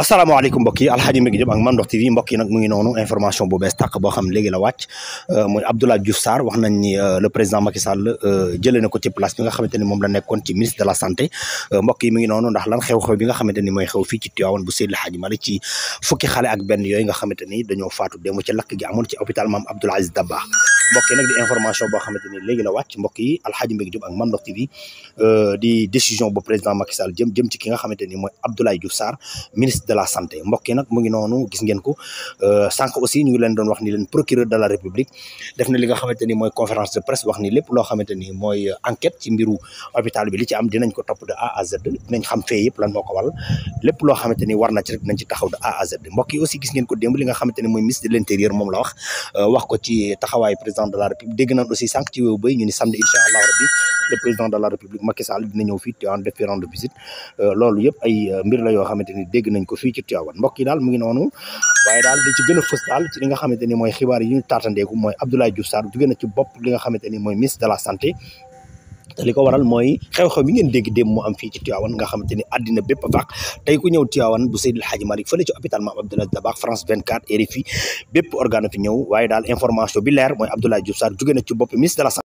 asalaamaaleykum mbokk yi alxaaji mi ngi jëm ak Mame Ndokh TV mbokk yi nag mu ngi noonu information bu bees tàq boo xam léegi la wàcc euh, mooy Abdoulaye Diouf Sarr wax nañ ni euh, le président Macky Sall euh, jëlee na ko ci place bi nga xamante ni moom la nekkoon ci ministre de la santé mbokk yi mi ngi noonu ndax lan xew-xew bi nga xamante ni mooy xew fii ci Tivaouane bu Seydi Hadji Malick ci fukki xale ak benn yooyu nga xamante ni dañoo faatu démb ci lakk gi amoon ci hôpital Mame Abdoul Aziz Dabakh mbokk yi nag di information boo xamante ni léegi la wàcc mbokk yi Alxaaji Mbégi Diop ak Mame Ndokh TV euh, di décision bu président Macky Sall jëm ci ki nga xamante ni ministre de la santé mbokk yi nag mu ngi noonu gis ngeen ko euh, sànq aussi ñu ngi leen doon wax ni leen procureur de la république def na li nga xamante conférence de presse wax ni lépp loo xamante ni mooy ci mbiru hôpital bi li ci am dinañ ko topp de A à Z dinañ xam fee yëpp lan moo ko waral lépp loo xamante ni war na ci rek dinañ ci A à Z mbokk yi aussi gis ngeen ko démb li nga xamante ni mooy ministre de l'intérieur moom la wax euh, wax ko président de la république dégg nañ aussi sànq ci wéewu bay ñu ni samedi incha allah rabbi le président de la république Macky Sall dina ñëw fii Tivaouane def fi rendre visite euh, loolu yëpp ay euh, mbir la yoo xamante ni dégg nañ ko fii ci Tivaouane mbokk yi daal mu ngi noonu waaye daal di ci gën a daal ci li nga xamante ni mooy xibaar yi ñu taatandeeku mooy Abdoulaye Diouf Sarr jóge na ci bopp li nga xamante ni mooy ministre de la santé te li ko waral mooy xew-xew bi ngeen dégg démb mu am fii ci Tivaouane nga xamante ni àddina bépp faax tey ku ñëw Tivaouane bu Seydil Hadji Malick fële ci hôpital Mame Abdoul Aziz Dabakh France 24 RFI bépp organe fi ñëw waaye daal information bi leer mooy Abdoulaye Diouf Sarr na ci bopp ministre